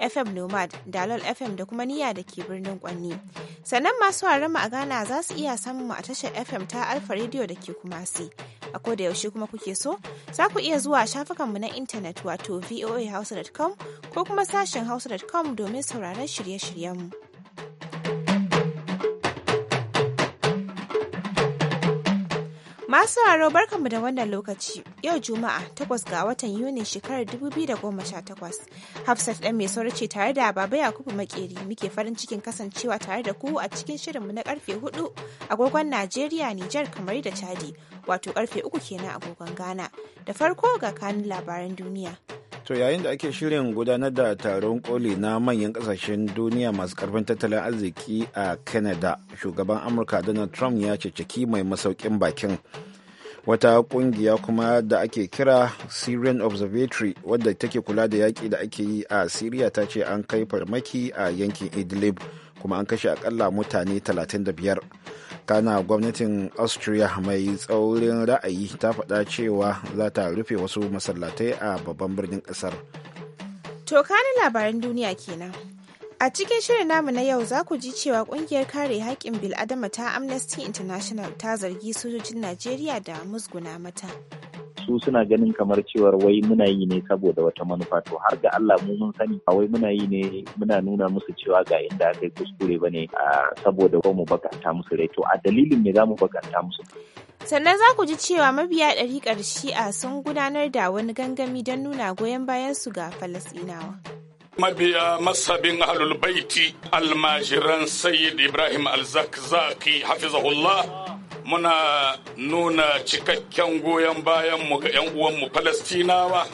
FM Nomad, Dalol FM da kuma Niyya da ke birnin Kwanni. Sannan masu mu a Ghana za su iya samun mu a tashar FM ta Alfa Radio da ke Kumasi. A ko da yaushe kuma kuke so, za ku iya zuwa shafukanmu na intanet wato voahausa.com ko kuma sashen hausa.com domin sauraron shirye-shiryenmu. Masu haro barkanmu da wannan lokaci yau Juma'a takwas ga watan Yuni shekarar 2018. Hafsat ɗan mai sauri ce tare da Baba Yakubu Makeri muke farin cikin kasancewa tare da ku a cikin shirinmu na karfe 4 agogon Najeriya, Nijar, kamar da Chadi, wato karfe 3 kenan agogon Ghana. Da farko ga kanun labaran duniya. To yayin da ake shirin gudanar da taron koli na manyan kasashen duniya masu karfin tattalin arziki a Canada, shugaban Amurka Donald Trump ya ceceki mai masaukin bakin. Wata kungiya kuma da ake kira Syrian Observatory wadda take kula da yaƙi da ake yi a Syria ta ce an kai farmaki a yankin Idlib kuma an kashe akalla mutane 35. kana gwamnatin austria mai tsaurin ra'ayi ta faɗa cewa za ta rufe wasu masallatai a babban birnin ƙasar to kanin labaran duniya kenan a cikin shirin namu na yau za ku ji cewa kungiyar kare haƙƙin bil'adama ta amnesty international ta zargi sojojin najeriya da musguna mata su suna ganin kamar cewar wai muna yi ne saboda wata manufa to har ga Allah mu mun sani A wai muna yi ne muna nuna musu cewa ga inda aka yi kuskure bane saboda ba mu bakanta musu rai to a dalilin me mu bakanta musu sannan za ku ji cewa mabiya ɗari ƙarshe a sun gudanar da wani gangami don nuna goyon bayan su ga falasinawa mabiya masabin ahlul baiti almajiran sayyid ibrahim alzakzaki hafizahullah muna nuna cikakken goyon bayanmu ga 'yan uwanmu falastinawa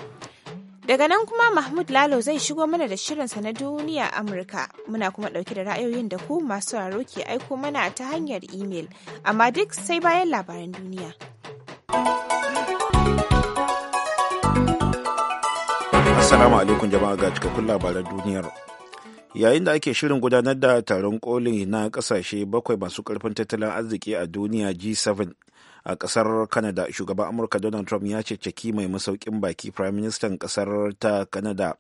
daga nan kuma mahmud lalo zai shigo mana da shirinsa na duniya amurka muna kuma dauke da ra'ayoyin da ku masu sauraro ke aiko mana ta hanyar imel amma duk sai bayan labaran duniya assalamu alaikum jama'a ga cikakkun labaran duniyar yayin da ake shirin gudanar da taron koli na kasashe bakwai masu karfin tattalin arziki a duniya g7 a kasar canada shugaban amurka donald trump ya ceceki mai masaukin baki prime minister kasar ta canada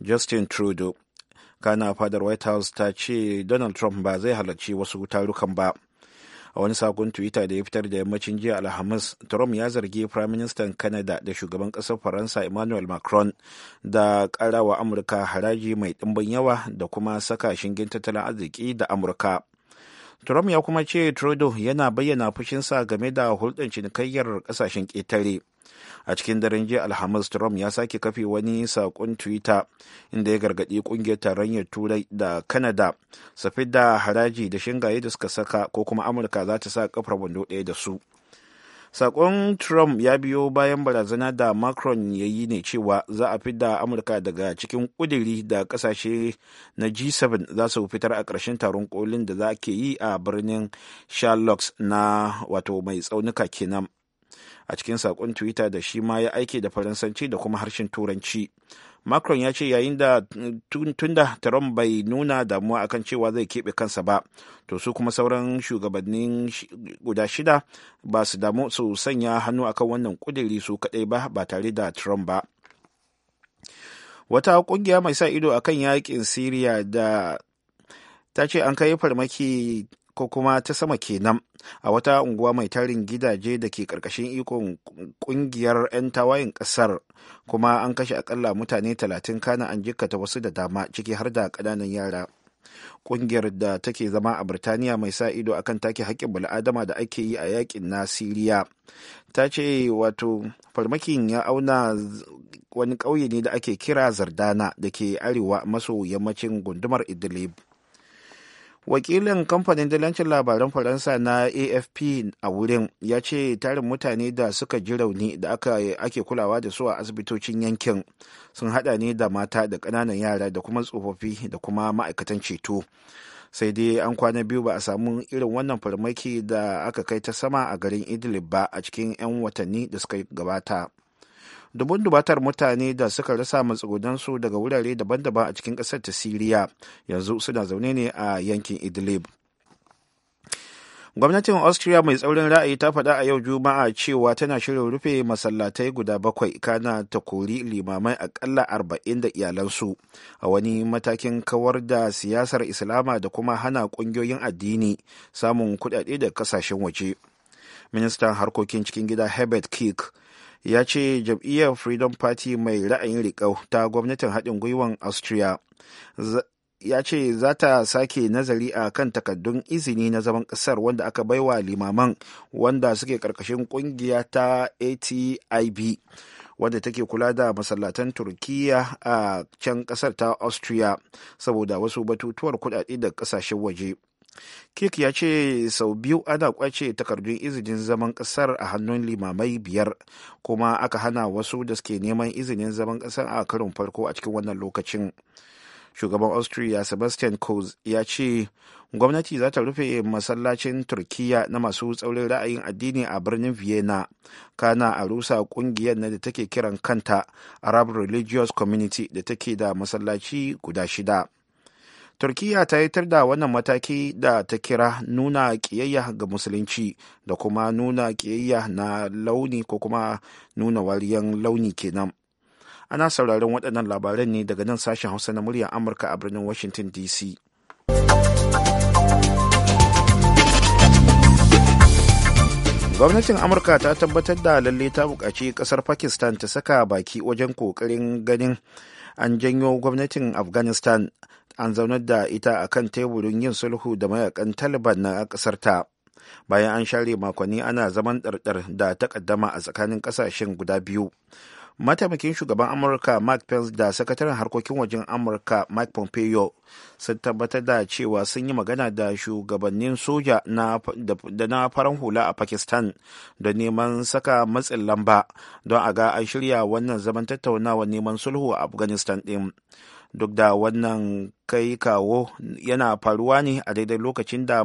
justin trudeau kana fadar white house ta ce donald trump ba zai halarci wasu tarukan ba a wani sakon twitter da ya fitar da yammacin jiya alhamis trump ya zargi prime minister canada da shugaban kasar faransa emmanuel macron da karawa amurka haraji mai dimbin yawa da kuma saka shingen tattalin arziki da amurka trump ya kuma ce trudeau yana bayyana fushinsa game da hulɗar cinikayyar ƙasashen ƙetare a cikin daren jiya alhamis trump ya sake kafe wani sakon twitter inda ya gargaɗi ƙungiyar tarayyar turai da canada su da haraji da shingaye da suka saka ko kuma amurka za ta sa kafar wando ɗaya da su sakon trump ya biyo bayan barazana da macron ya yi ne cewa za a fidda amurka daga cikin kudiri da kasashe na g7 za su fitar a ƙarshen taron kolin da za ke yi a birnin charlotte na wato mai tsaunuka kenan a cikin sakon twitter da shi ma ya aike da faransanci da kuma harshen turanci macron ya ce yayin da tunda trump bai nuna damuwa akan cewa zai keɓe kansa ba to su kuma sauran shugabannin guda shida ba su damu su sanya hannu akan wannan kudiri su kaɗai ba ba tare da trump ba wata kungiya mai sa ido akan yakin syria da ta ce an kai farmaki ko kuma ta sama kenan a wata unguwa mai tarin gidaje da ke karkashin ikon kungiyar 'yan tawayin kasar kuma an kashe akalla mutane 30 kana an jikkata wasu da dama ciki har da kananan yara kungiyar da take zama a birtaniya mai sa ido akan take haƙƙin bala'adama da ake yi a yakin na siriya ta ce wato farmakin ya auna wani ƙauye ne da ake kira zardana da ke arewa maso yammacin gundumar idlib wakilin kamfanin dalancin labaran faransa na afp a wurin ya ce tarin mutane da suka ji rauni da ake kulawa da su a asibitocin yankin sun hada ne da mata da kananan yara da kuma tsofaffi da kuma ma'aikatan ceto sai dai an kwana biyu ba a samu irin wannan farmaki da aka kai ta sama a garin idlib ba a cikin 'yan watanni da suka gabata dubun dubatar mutane da suka rasa matsugudansu daga wurare daban-daban a cikin ƙasar ta siriya yanzu suna zaune ne a yankin idlib gwamnatin austria mai tsaurin ra'ayi ta faɗa a yau juma'a cewa tana shirin rufe masallatai guda bakwai kana ta kori limamai akalla arba'in da iyalansu a wani matakin kawar da siyasar islama da kuma hana ƙungiyoyin addini samun kuɗaɗe da kasashen waje ministan harkokin cikin gida herbert kirk ya ce jam'iyyar freedom party mai ra'ayin riƙau ta gwamnatin haɗin gwiwan austria ya ce za ta sake nazari a kan takaddun izini na zaman ƙasar wanda aka baiwa limaman wanda suke ƙarƙashin ƙungiya ta atib wadda take kula da masallatan turkiya a can ƙasar ta austria saboda wasu batutuwar kudade da ƙasashen waje Kik ya ce sau biyu ana kwace takardun izinin zaman ƙasar a hannun limamai biyar kuma aka hana wasu da suke neman izinin zaman ƙasar a karin farko a cikin wannan lokacin. Shugaban Austria Sebastian Kurz ya ce gwamnati za ta rufe masallacin Turkiyya na masu tsaurin ra'ayin addini a birnin Vienna, kana a rusa kungiyar na da take kiran kanta Arab Religious Community da take da masallaci guda shida. turkiya ta yitar da wannan mataki da ta kira nuna kiyayya ga musulunci da kuma nuna kiyayya na launi ko kuma nuna wariyan launi kenan ana sauraron waɗannan labaran ne daga nan sashen hausa na muryar amurka a birnin washington dc gwamnatin amurka ta tabbatar da lalle ta buƙaci ƙasar pakistan ta saka baki wajen ƙoƙarin ganin an janyo gwamnatin afghanistan an zaunar da ita a kan teburin yin sulhu da mayakan taliban na kasar ta bayan an share makonni ana zaman ɗarɗar da takaddama a tsakanin ƙasashen guda biyu mataimakin shugaban amurka mark pence da sakataren harkokin wajen amurka mike pompeo sun tabbatar da cewa sun yi magana da shugabannin soja da na farar hula a pakistan da neman saka matsin lamba don a ga an shirya wannan zaman tattaunawa neman sulhu a afghanistan din duk da wannan kai kawo yana faruwa ne a daidai lokacin da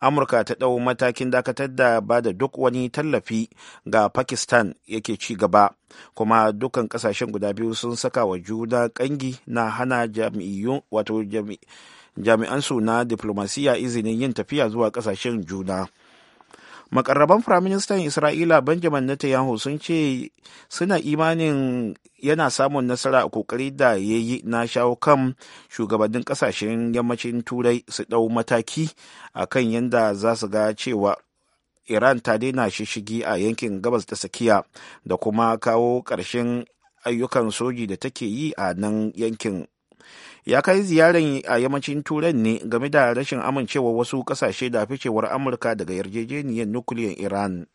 amurka ta ɗau matakin dakatar da ba da duk wani tallafi ga pakistan yake ci gaba kuma dukkan kasashen guda biyu sun saka wa juna kangi na hana jami'an wato jami'ansu na diplomasiya izinin yin tafiya zuwa kasashen juna makarraban firaministan isra'ila benjamin netanyahu sun ce suna imanin yana samun nasara a kokari da ya yi na shawo kan shugabannin kasashen yammacin turai su dau mataki a kan yadda za su ga cewa iran ta daina shishigi a yankin gabas ta tsakiya da kuma kawo ƙarshen ayyukan soji da take yi a nan yankin ya kai ziyarar a yammacin turai ne game da rashin amincewa wasu kasashe da ficewar amurka daga yarjejeniyar nukiliyar iran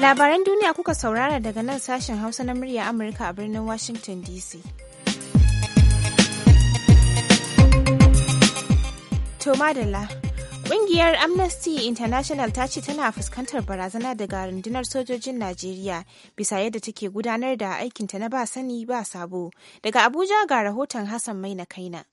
labaran duniya kuka saurara daga nan sashen hausa na murya amurka a birnin washington dc to madalla Ƙungiyar Amnesty International ta ce tana fuskantar barazana daga rundunar sojojin Najeriya bisa yadda take gudanar da aikinta na ba sani ba sabo. Daga Abuja ga rahoton Hassan Mai na kaina.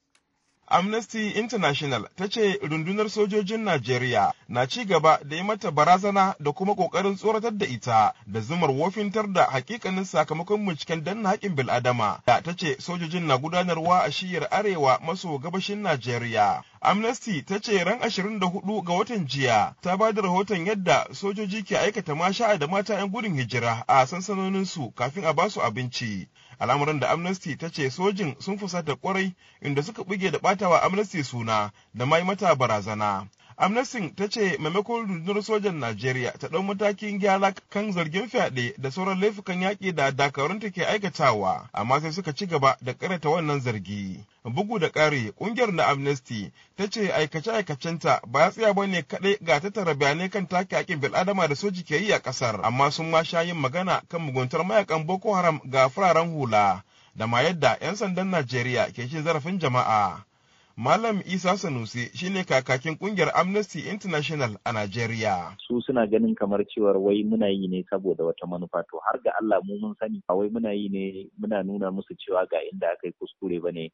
Amnesty International ta ce rundunar sojojin Najeriya na ci gaba da yi mata barazana da kuma ƙoƙarin tsoratar da ita da zumar wofintar da hakikanin sakamakon binciken danna haƙin bil'adama da ta ce sojojin na gudanarwa a shiyar arewa maso gabashin Najeriya. Amnesty ta ce ran 24 ga watan jiya ta ba da rahoton yadda sojoji ke aikata masha'a da mata 'yan gudun hijira a sansanoninsu kafin a basu abinci. al'amuran da amnesty ta ce sojin sun fusata kwarai inda suka buge da batawa amnesty suna da mai mata barazana amnesty ta ce maimakon rundunar sojan najeriya ta ɗau matakin gyara kan zargin fyaɗe da sauran laifukan yaƙi da dakarunta ke aikatawa amma sai suka ci gaba da ta wannan zargi bugu da ƙari ƙungiyar na amnesty ta ce aikace-aikacenta ba ya tsaya ba ne kaɗai ga tattara bayanai kan take haƙƙin bil'adama da soji ke yi a ƙasar amma sun ma sha yin magana kan muguntar mayakan boko haram ga fararen hula da ma yadda 'yan sandan najeriya ke cin zarafin jama'a Malam Isa Sanusi shine kakakin kungiyar Amnesty International a Najeriya. Su suna ganin kamar cewar wai muna yi ne saboda wata manufa to har ga Allah mu mun sani ba wai muna yi ne muna nuna musu cewa ga inda aka yi kuskure ba ne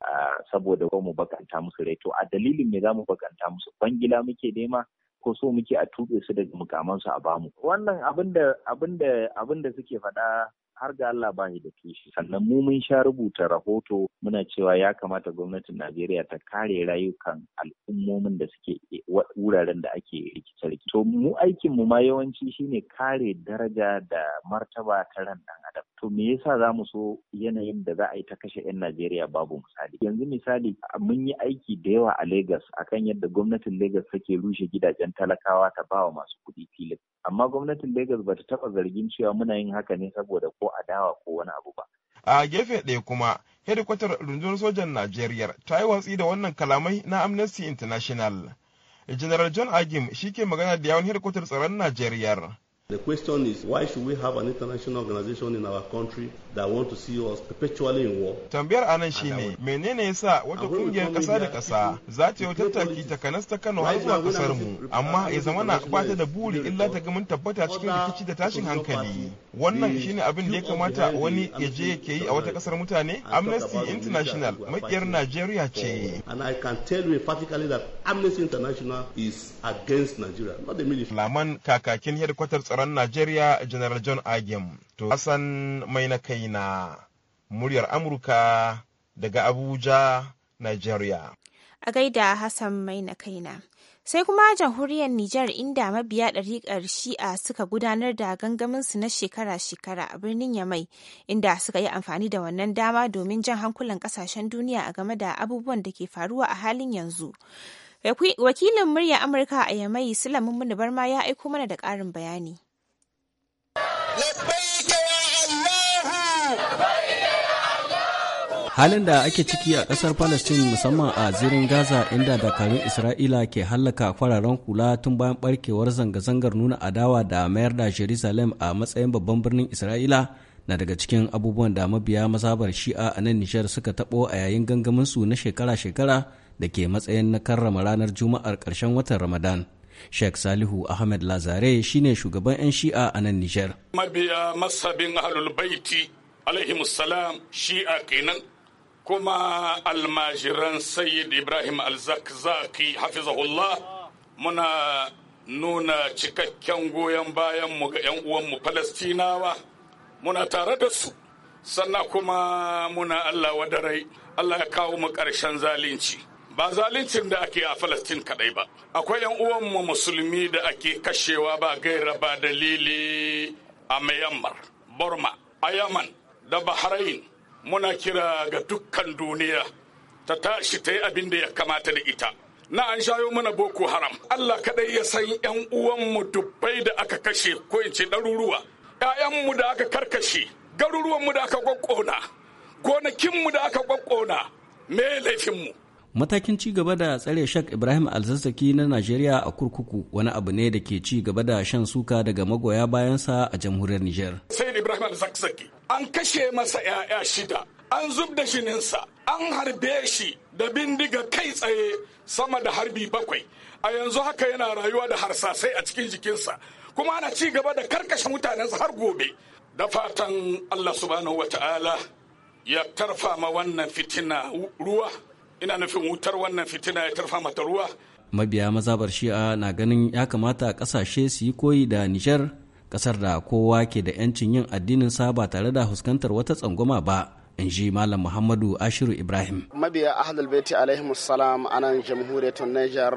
saboda ko mu bakanta musu rai to a dalilin me za mu bakanta musu kwangila muke nema ko so muke a tube su daga mukamansu a bamu. Wannan abin da abin da da suke faɗa har ga Allah ba da kishi sannan mu mun sha rubuta rahoto muna cewa ya kamata gwamnatin Najeriya ta kare rayukan al'ummomin da suke wuraren da ake rikice to mu aikin mu ma yawanci shine kare daraja da martaba ta ran dan adam to me yasa za mu so yanayin da za a yi ta kashe 'yan Najeriya babu misali yanzu misali mun yi aiki da yawa a Lagos akan yadda gwamnatin Lagos take rushe gidajen talakawa ta ba wa masu kuɗi filin amma gwamnatin Lagos ba ta taɓa zargin cewa muna yin haka ne saboda ko adawa ko wani abu ba. A gefe ɗaya kuma, hedikwatar rundunar sojan Najeriya ta yi watsi da wannan kalamai na Amnesty International. General John Agim shi ke magana da yawon hedikwatar tsaron Najeriya. The question is why should we have an international organization in our country that want to see us perpetually in war? Tambayar anan shine menene sa wata kungiyar kasa da kasa za ta yi tattaki ta kanas ta Kano har zuwa kasar mu amma ya zama na ba da buri illa ta ga mun tabbata cikin rikici da tashin hankali. Wannan shine abin da ya kamata wani ya je yake yi a wata kasar mutane? Amnesty International makiyar Najeriya ce. And I can tell you emphatically that Amnesty International is against Nigeria, not the military. Laman kakakin hedkwatar tsaron nigeria General John Agim. To Hassan mai na kaina muryar Amurka daga Abuja, Nigeria. A gaida Hassan mai na kaina. sai kuma jamhuriyar Nijar inda mabiya ƙarshi shi'a suka gudanar da gangamin su na shekara-shekara a birnin Yamai inda suka yi amfani da wannan dama domin jan hankulan ƙasashen duniya a game da abubuwan da ke faruwa a halin yanzu. Wakilin murya Amurka a Yamai Sulamun Muni Barma ya aiko mana da ƙarin bayani. halin da ake ciki a kasar palestine musamman a zirin gaza inda dakarun isra'ila ke hallaka fararen kula tun bayan barkewar zanga-zangar nuna adawa da mayar da jerusalem a matsayin babban birnin isra'ila na daga cikin abubuwan da mabiya mazabar shi'a a nan nijar suka tabo a yayin gangaminsu na shekara-shekara da ke matsayin na karrama ranar Juma'ar ƙarshen watan Ramadan. Sheikh Salihu Ahmed Lazare shine shugaban 'yan Shi'a a nan Nijar. Mabiya masabin Ahlul Baiti alaihi salam Shi'a kenan kuma almajiran Sayyid Ibrahim alzakzaki hafizahullah muna nuna cikakken goyon bayan mu ga 'yan uwanmu Falastinawa muna tare da su sannan kuma muna Allah wadarai Allah ya kawo mu ƙarshen zalunci ba zaluncin da ake a Falastin kaɗai ba. Akwai 'yan uwanmu musulmi da ake kashewa ba gaira ba dalili a Myanmar, Burma, a Yaman da Bahrain. Muna kira ga dukkan duniya ta tashi ta yi abin da ya kamata da ita. Na an shayo mana Boko Haram. Allah kaɗai ya san 'yan uwanmu dubbai da aka kashe ko in ce ɗaruruwa. 'Ya'yanmu da aka karkashe, garuruwanmu da aka gwaggona, gonakinmu da aka gwaggona, me laifinmu. matakin ci gaba da tsare shak ibrahim alzazzaki na najeriya a kurkuku wani abu ne da ke ci gaba da shan suka daga magoya bayansa a jamhuriyar niger sai ibrahim alzazzaki an kashe masa 'ya'ya shida an zub da shininsa an harbe shi da bindiga kai tsaye sama da harbi bakwai a yanzu haka yana rayuwa da harsasai a cikin jikinsa kuma ana ci gaba da karkashe mutanensa har gobe da fatan allah subhanahu wa ta'ala ya tarfa ma wannan fitina ruwa ina nufin wutar wannan fitina ya tarfa mata ruwa mabiya mazabar shi'a na ganin ya kamata kasashe su yi koyi da nijar kasar da kowa ke da 'yancin yin addinin sa ba tare da fuskantar wata tsangwama ba in ji malam muhammadu ashiru ibrahim mabiya ahlul baiti alaihi salam a nan jamhuriyar niger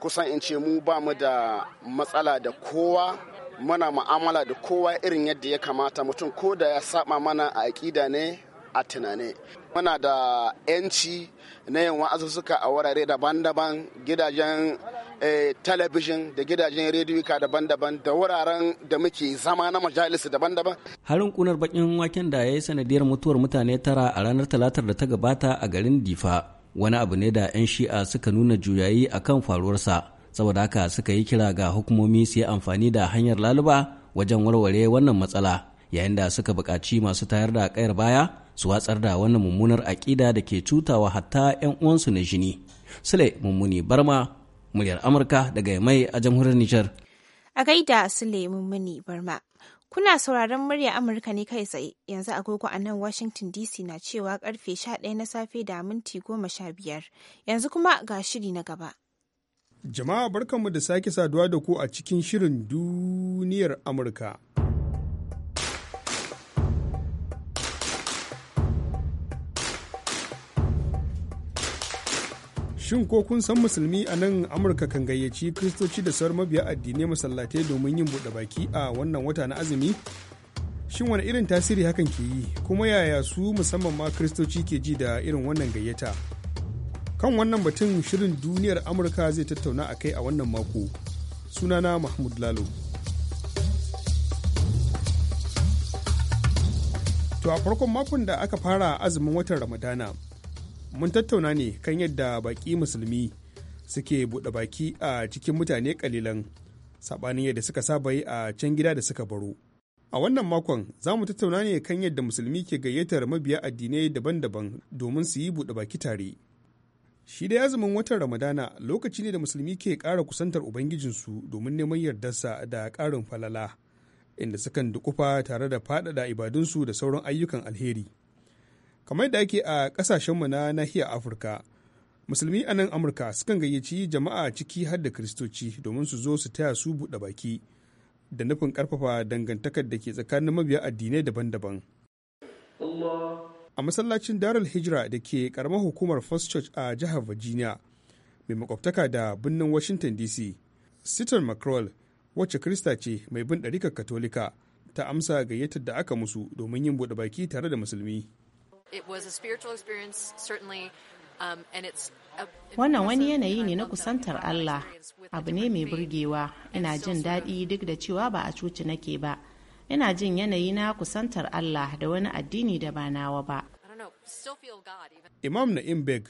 kusan in ce mu ba mu da matsala da kowa muna mu'amala da kowa irin yadda ya kamata mutum ko da ya saba mana a aƙida ne a tunane muna da 'yanci na yin wa'azu suka a wurare daban-daban gidajen eh, talabijin da gidajen rediyoka daban-daban da wuraren da muke zama na majalisi daban-daban. Harin kunar bakin waken da ya yi sanadiyar mutuwar mutane tara a ranar talatar da ta gabata a garin Difa wani abu ne da 'yan shi'a suka nuna juyayi a kan faruwarsa saboda haka suka yi kira ga hukumomi su yi amfani da hanyar laluba wajen warware wannan matsala yayin da suka buƙaci masu tayar da kayar baya su watsar da wannan mummunar aƙida da ke cutawa hatta 'yan uwansu na jini sule mummuni barma muryar amurka daga mai a jamhuriyar nijar a gaida sule mummuni barma Kuna sauraron murya Amurka ne kai tsaye yanzu agogo a nan Washington DC na cewa karfe 11 na safe da minti goma sha biyar yanzu kuma ga shiri na gaba. Jama'a barkanmu da sake saduwa da ku a cikin shirin duniyar Amurka. Shin ko kun san musulmi a nan Amurka kan gayyaci kristoci da sauran mabiya addinai masallatai domin yin buɗe baki a wannan wata na azumi? Shin wani irin tasiri hakan ke yi kuma yaya su musamman ma kristoci ke ji da irin wannan gayyata? Kan wannan batun shirin duniyar Amurka zai tattauna a kai a wannan mako. Sunana Mahmud Lalo. To a farkon makon da aka fara azumin watan Ramadana. mun tattauna ne kan yadda baƙi musulmi suke buɗe baki a cikin mutane ƙalilan saɓanin yadda suka saba yi a can gida da suka baro. A wannan makon za mu tattauna ne kan yadda musulmi ke gayyatar mabiya addinai daban-daban domin su yi buɗe baki tare. Shi da azumin watan Ramadana lokaci ne da musulmi ke ƙara kusantar Ubangijinsu domin neman yardarsa da ƙarin falala, inda sukan dukufa tare da faɗaɗa ibadunsu da sauran ayyukan alheri. kamar yadda ake a ƙasashenmu na nahiyar afirka musulmi a nan amurka sukan gayyaci jama'a ciki har da kiristoci domin su zo su taya su buɗe baki da nufin ƙarfafa dangantakar da ke tsakanin mabiya addinai daban-daban a masallacin darul hijira da ke karamar hukumar first church a jihar virginia mai makwabtaka da birnin washington dc sitar mccroll wacce krista ce mai bin ɗarikar katolika ta amsa gayyatar da aka musu domin yin buɗe baki tare da musulmi Um, wannan wani yanayi ne na kusantar Allah, abu ne mai burgewa, ina jin daɗi duk da cewa ba a cuci nake ba. Ina jin yanayi na kusantar Allah da wani addini da ba nawa ba. Imam Na'im Beg,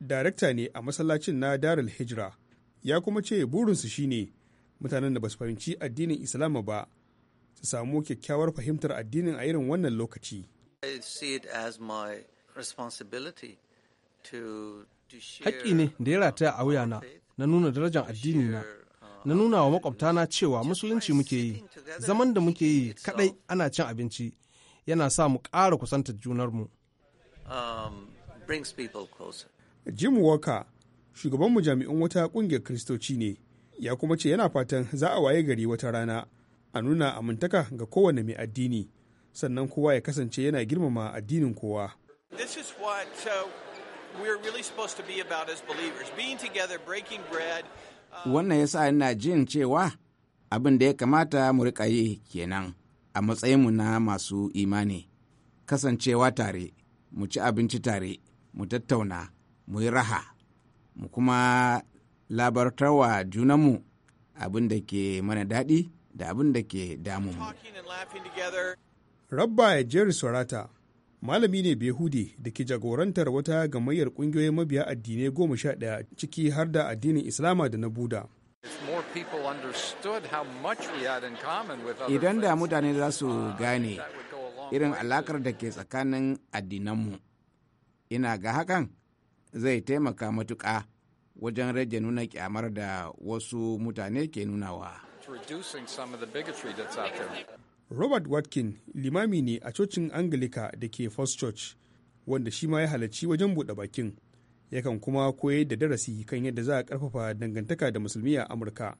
darakta ne a masallacin na Darul Hijra, ya kuma ce burinsu shine mutanen da ba su fahimci addinin Islama ba, su samu kyakkyawar fahimtar addinin a irin wannan lokaci. Haƙƙi ne da ya rataya a wuyana na nuna darajar addini na, uh, na nuna wa makwabtana cewa musulunci muke yi, zaman da muke yi kaɗai ana cin abinci yana sa mu ƙara kusantar junarmu. Um, Jim Walker, shugaban mu jami'in wata ƙungiyar Kiristoci ne, ya kuma ce yana fatan za a waye gari wata rana a nuna amintaka ga kowane mai addini. sannan kowa ya kasance yana girmama addinin kowa wannan ya sa ina jin cewa abin da ya kamata mu riƙa yi kenan a matsayinmu na masu imani kasancewa tare mu ci abinci tare mu tattauna mu yi raha mu kuma labartarwa junanmu abin da ke mana daɗi da abin da ke damu rabba jerry sorata malami ne behude da ke jagorantar wata gamayyar kungiyoyin mabiya addinai goma sha daya ciki har da addinin islama da na buda idan da mutane za su ah, gane irin alakar da ke tsakanin addinanmu ina ga hakan zai taimaka matuƙa wajen rage nuna kyamar da wasu mutane ke nunawa robert watkin limami ne a cocin angilika da ke first church wanda shi ma ya halarci wajen buɗe bakin yakan kuma koyar da darasi kan yadda za a ƙarfafa dangantaka da musulmi a amurka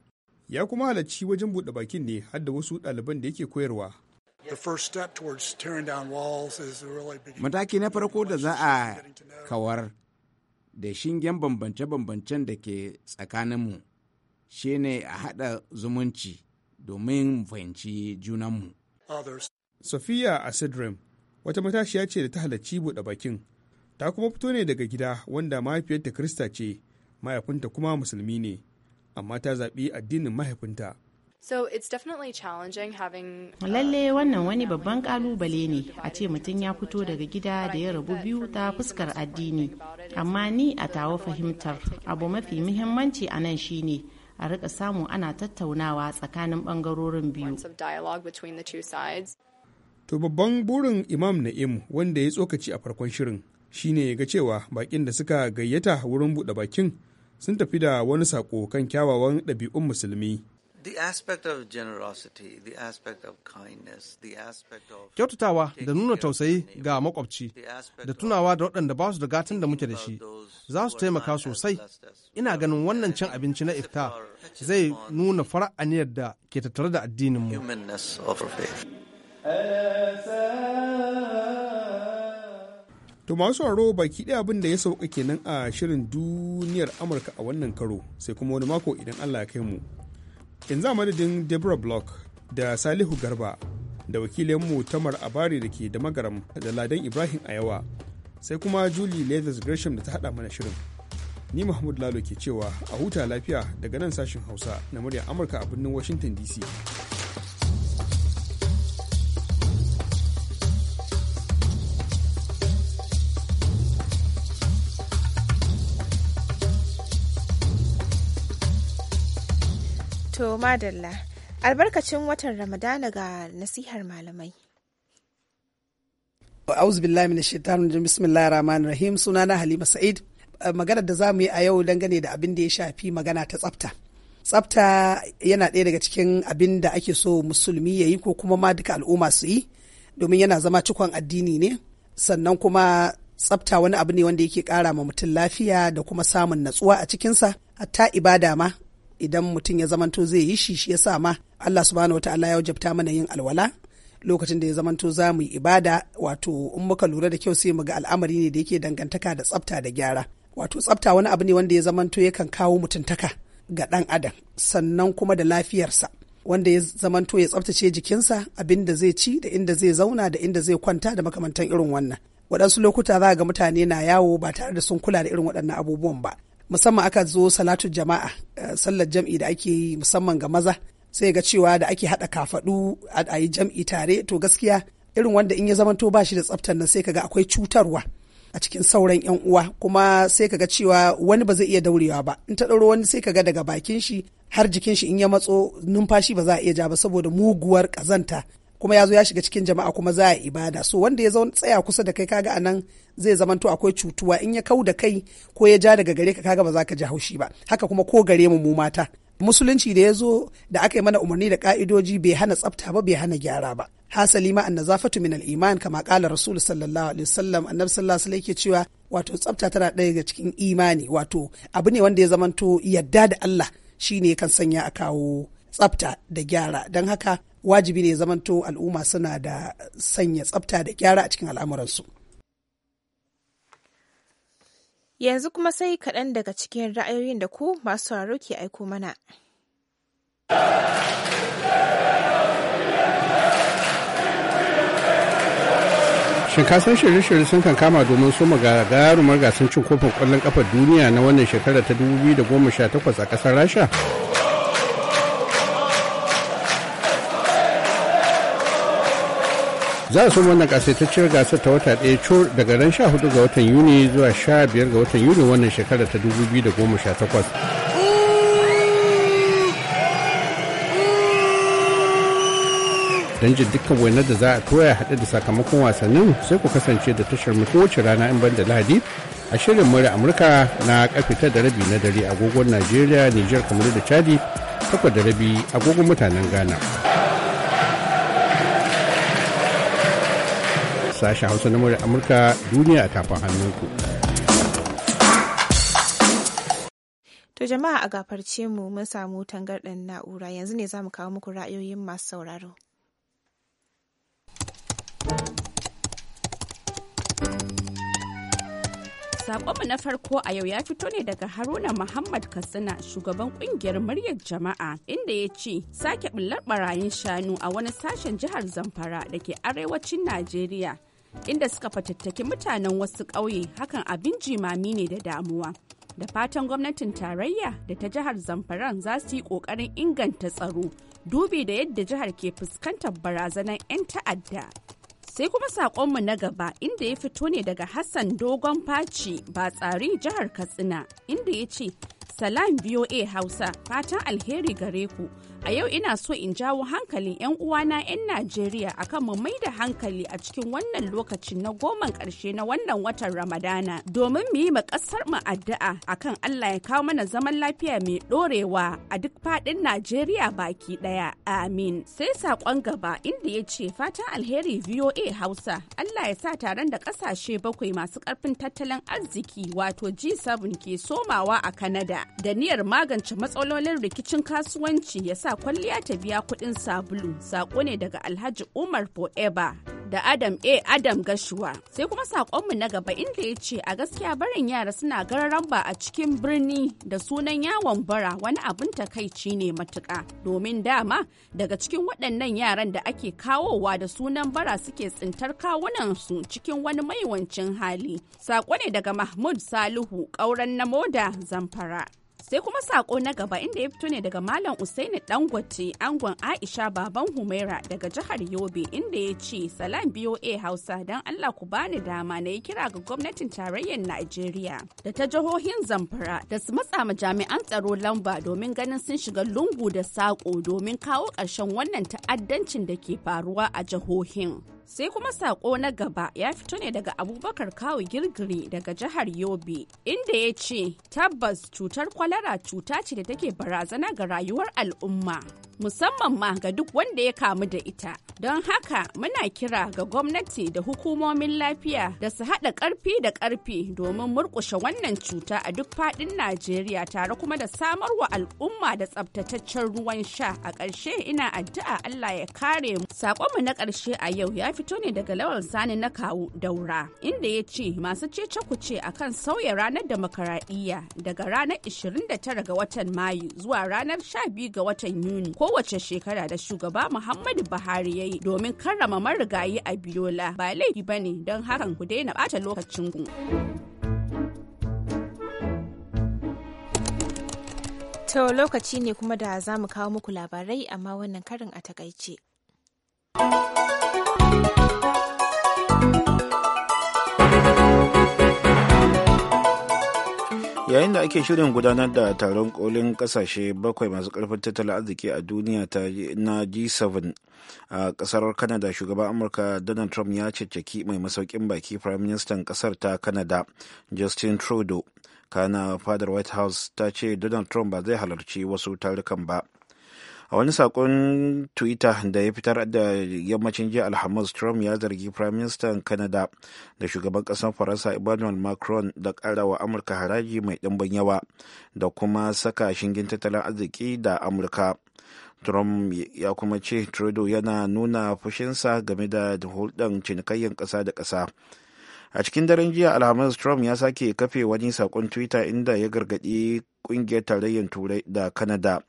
ya kuma halarci wajen buɗe bakin ne har da wasu ɗaliban da yake koyarwa mataki na farko da za a kawar da shingen bambance-bambancen da ke tsakaninmu shi ne a haɗa zumunci domin fahimci junanmu Sophia Asidrim wata matashiya ce da ta halarci buɗe bakin. Ta kuma fito ne daga gida wanda mahaifiyarta Krista ce, mahaifinta kuma musulmi ne, amma ta zaɓi addinin mahaifinta. So it's definitely challenging having uh, Lalle wannan wani babban kalubale ne a ce mutum ya fito daga gida da ya rabu biyu ta fuskar addini. Amma ni a tawo fahimtar abu mafi muhimmanci a nan shine a rika samu ana tattaunawa tsakanin bangarorin biyu. To babban burin Imam Na'im wanda ya tsokaci a farkon shirin shine ga cewa bakin da suka gayyata wurin buɗe bakin sun tafi da wani sako kan kyawawan ɗabi'un musulmi Kyautatawa da nuna tausayi ga makwabci da tunawa da waɗanda ba su da gatan da muke da shi za su taimaka sosai. Ina ganin wannan cin abinci na ifta zai nuna fara'aniyar da ke tattare da addininmu. To masu sauraro baki ɗaya abin da ya sauka kenan a shirin duniyar Amurka a wannan karo sai kuma wani mako idan Allah ya kai mu. yanzu a madadin deborah block da salihu garba da wakilinmu tamar abari da ke da magaram da ladan ibrahim ayawa sai kuma julie leathers gresham da ta hada mana shirin ni mahmud lalo ke cewa a huta lafiya daga nan sashen hausa na muryar amurka a birnin washington dc To madalla, albarkacin watan Ramadana ga nasihar malamai. A'udhu billahi minash shaitanir Bismillahir rahmanir rahim. Sunana Halima Sa'id. Eh, maganar da zamu yi a yau dangane da abin da ya shafi magana ta tsafta. Tsafta yana ɗaya daga cikin abin da ake so musulmi ya yi ko kuma ma duka al'umma su yi domin yana zama cikon addini ne. Sannan kuma tsafta wani abu ne wanda yake ƙara ma mutum lafiya da kuma samun natsuwa a cikinsa. Hatta ibada ma idan mutum ya zamanto zai yi shi shi sa ma Allah subhanahu ta'ala ya wajabta mana yin alwala lokacin da ya zamanto za mu yi ibada wato in muka lura da kyau sai mu ga al'amari ne da yake dangantaka da tsafta da gyara wato tsafta wani abu ne wanda ya zamanto yakan kawo mutuntaka ga dan adam sannan kuma da lafiyarsa wanda ya zamanto ya tsaftace jikinsa abin da zai ci da inda zai zauna da inda zai kwanta da makamantan irin wannan waɗansu lokuta za ga mutane na yawo ba tare da sun kula da irin waɗannan abubuwan ba musamman aka zo salatun jama'a eh, sallar jam'i da ake yi musamman ga maza sai ga cewa da ake haɗa kafaɗu a yi jam'i tare to gaskiya irin wanda in ya zamanto ba shi da tsaftar nan sai kaga akwai cutarwa a cikin sauran yan uwa kuma sai kaga cewa wani ba zai iya daurewa ba in ta ɗauro wani sai kaga daga bakin shi har jikin shi in ya matso numfashi ba za a iya ja ba saboda muguwar ƙazanta kuma ya zo ya shiga cikin jama'a kuma za a ibada so wanda ya tsaya kusa da kai kaga anan zai zamanto akwai cutuwa in ya kau da kai ko ya ja daga gare ka kaga ba za ka ji haushi ba haka kuma ko gare mu mu mata musulunci da ya zo da aka yi mana umarni da ka'idoji bai hana tsafta ba bai hana gyara ba hasali ma fatu min al-iman kama qala rasul sallallahu alaihi wasallam annabi sallallahu alaihi yake cewa wato tsafta tana daya ga cikin imani wato abu ne wanda ya zamanto yadda da Allah shine kan sanya a kawo tsafta da gyara don haka wajibi ne zamanto al'umma suna da sanya tsafta da gyara a cikin al'amuransu. Yanzu kuma sai kaɗan daga cikin ra'ayoyin da ku masu sauraro ke aiko mana. shin ka shirye-shirye sun kan kama domin su gagarumar gasar cin kofin kwallon kafa duniya na wannan shekara ta 2018 a kasar rasha za su wannan kasaitacciyar gasar ta wata daya cur daga ran 14 ga watan yuni zuwa 15 ga watan yuni wannan shekara ta 2018 don jin dukkan wainar da za a toya haɗe da sakamakon wasannin sai ku kasance da tashar mu kowace rana in ban da lahadi a shirin murya amurka na karfe da rabi na dare agogon najeriya niger kamar da chadi takwas da rabi agogon mutanen ghana sashen hausa na murya amurka duniya a tafin hannunku to jama'a a gafarce mu mun samu tangarɗin na'ura yanzu ne za mu kawo muku ra'ayoyin masu sauraro Sakonmu na farko a yau ya fito ne daga Haruna Muhammad Katsina shugaban kungiyar muryar jama'a inda ya ce sake bullar barayin shanu a wani sashen jihar Zamfara da ke arewacin Najeriya inda suka fatattaki mutanen wasu ƙauye hakan abin jimami ne da damuwa. Da fatan gwamnatin tarayya da ta jihar Zamfaran za su yi ƙoƙarin inganta tsaro dubi da yadda jihar ke fuskantar barazanar 'yan ta'adda. Sai kuma saƙonmu na gaba inda ya fito ne daga Hassan Dogon Faci ba tsari jihar Katsina inda ya ce, Salam VOA Hausa fatan alheri gare ku. A yau ina so in jawo hankalin 'yan uwana 'yan Najeriya akan mu mai da hankali a cikin wannan lokacin na goman ƙarshe na wannan watan Ramadana domin mu yi ma ƙasar mu addu'a kan Allah ya kawo mana zaman lafiya mai ɗorewa a duk faɗin Najeriya baki ɗaya. Amin. Sai saƙon gaba inda ya ce fatan alheri VOA Hausa Allah ya sa taron da ƙasashe bakwai masu ƙarfin tattalin arziki wato G7 ke somawa a Kanada da niyyar magance matsalolin rikicin kasuwanci ya sa sa kwalliya ta biya kuɗin sabulu saƙo ne daga alhaji umar forever da adam a adam gashuwa sai kuma saƙonmu na gaba inda ya ce a gaskiya barin yara suna ba a cikin birni da sunan yawon bara wani abin takaici ne matuka domin dama daga cikin waɗannan yaran da ake kawowa da sunan bara suke tsintar kawunansu cikin wani maiwancin hali saƙo ne daga mahmud salihu ƙauren na moda zamfara sai kuma sako na gaba inda ya fito ne daga malam usaini dangote angon aisha baban humaira daga jihar yobe inda ya ce salam boa hausa don allah ku bani dama na yi kira ga gwamnatin tarayyar najeriya da ta jihohin zamfara da su matsa ma jami'an tsaro lamba domin ganin sun shiga lungu da sako domin kawo ƙarshen wannan ta'addancin da ke faruwa a jihohin sai kuma sako na gaba ya fito ne daga abubakar kawo girgiri daga jihar yobe inda ya ce tabbas cutar kwalara cuta ce da take barazana ga rayuwar al'umma musamman ma ga duk wanda ya kamu da ita don haka muna kira ga gwamnati da hukumomin lafiya da su haɗa ƙarfi da ƙarfi domin murƙushe wannan cuta a duk faɗin najeriya tare kuma da samar wa al'umma da tsabtataccen ruwan sha a ƙarshe ina addu'a allah ya kare mu saƙonmu na ƙarshe a yau ya fito ne daga lawan sani na kawu daura inda ya ce masu cece a kan sauya ranar demokaradiyya daga ranar 29 ga watan mayu zuwa ranar 12 ga watan yuni kowace shekara da shugaba muhammadu buhari ya yi domin karrama marigayi a biyola ba laifi ba ne don hakan ku daina bata lokacin ku. To lokaci ne kuma da za mu kawo muku labarai amma wannan karin a takaice. yayin da ake shirin gudanar da taron kolin kasashe bakwai masu karfin tattalin arziki a duniya na g7 a kasar kanada shugaban amurka donald trump ya caccaki mai masaukin baki prime minister kasar ta kanada justin trudeau kana fadar white house ta ce donald trump ba zai halarci wasu tarukan ba a wani sakon twitter da ya fitar da yammacin jiya alhamis trump ya zargi prime minister canada da shugaban kasar faransa emmanuel macron da wa amurka haraji mai ɗimbin yawa da kuma saka shingin tattalin arziki da amurka trump ya kuma ce trudeau yana nuna fushinsa game da hulɗan cinikayyar ƙasa da ƙasa a cikin daren jiya alhamis trump ya sake kafe wani sakon twitter inda ya gargaɗi kungiyar tarayyar turai da kanada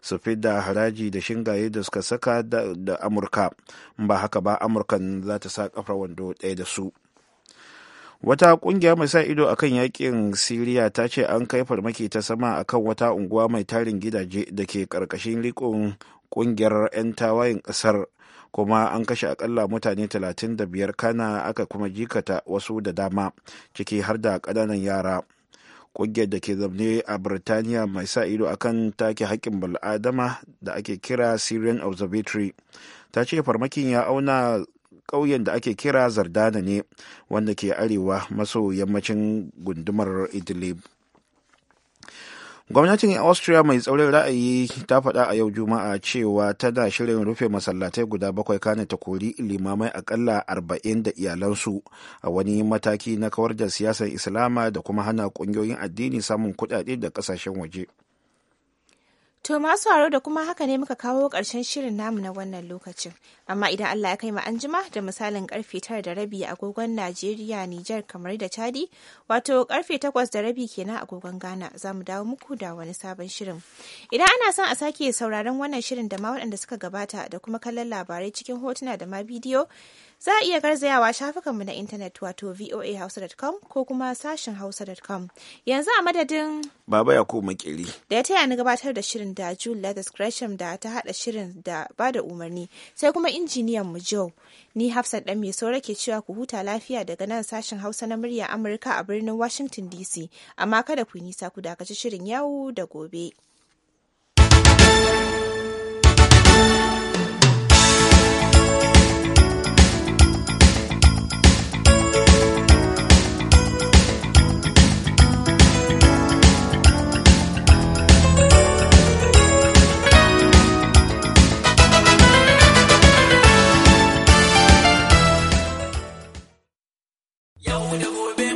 su da haraji da shingaye da suka saka da amurka ba haka ba amurkan za ta sa kafar wando ɗaya da su wata kungiya mai sa ido akan yakin siriya ta ce an kai farmaki ta sama akan wata unguwa mai tarin gidaje da ke karkashin rikon kungiyar 'yan tawayen kasar kuma an kashe akalla mutane 35 kana aka kuma jikata wasu da dama ciki har da kananan yara kungiyar da ke zaune a birtaniya mai sa ido akan take haƙƙin bal'adama da ake kira syrian observatory ta ce farmakin ya auna ƙauyen da ake kira zardana ne wanda ke arewa maso yammacin gundumar idlib gwamnatin austria mai tsaurin ra'ayi ta faɗa a yau juma'a cewa tana shirin rufe masallatai guda bakwai kane ta kori limamai akalla arba'in da iyalansu a wani mataki na kawar da siyasar islama da kuma hana ƙungiyoyin addini samun kuɗaɗe da ƙasashen waje To masu haro da kuma haka ne muka kawo ƙarshen shirin namu na wannan lokacin. Amma idan Allah ya kai mu anjima da misalin karfe tara da rabi agogon Najeriya, Nijar, kamar da Chadi, wato karfe takwas da rabi kenan agogon Ghana za mu dawo muku da wani sabon shirin. Idan ana son a sake sauraron wannan shirin da ma waɗanda suka gabata da kuma kallon labarai cikin hotuna da ma bidiyo, Za a iya garzayawa shafukanmu na intanet wato voahausa.com ko kuma sashen hausa.com. Yanzu a madadin Baba ya koma kiri Da ya taya ni gabatar da shirin da Jule Lathis Gresham da ta hada shirin da ba da umarni sai kuma injiniyan mu Joe. Ni Hafsat dan mai saura ke cewa ku huta lafiya daga nan sashen Hausa na murya Amurka a birnin Washington DC. Amma kada ku yi nisa ku dakaci shirin yau da gobe.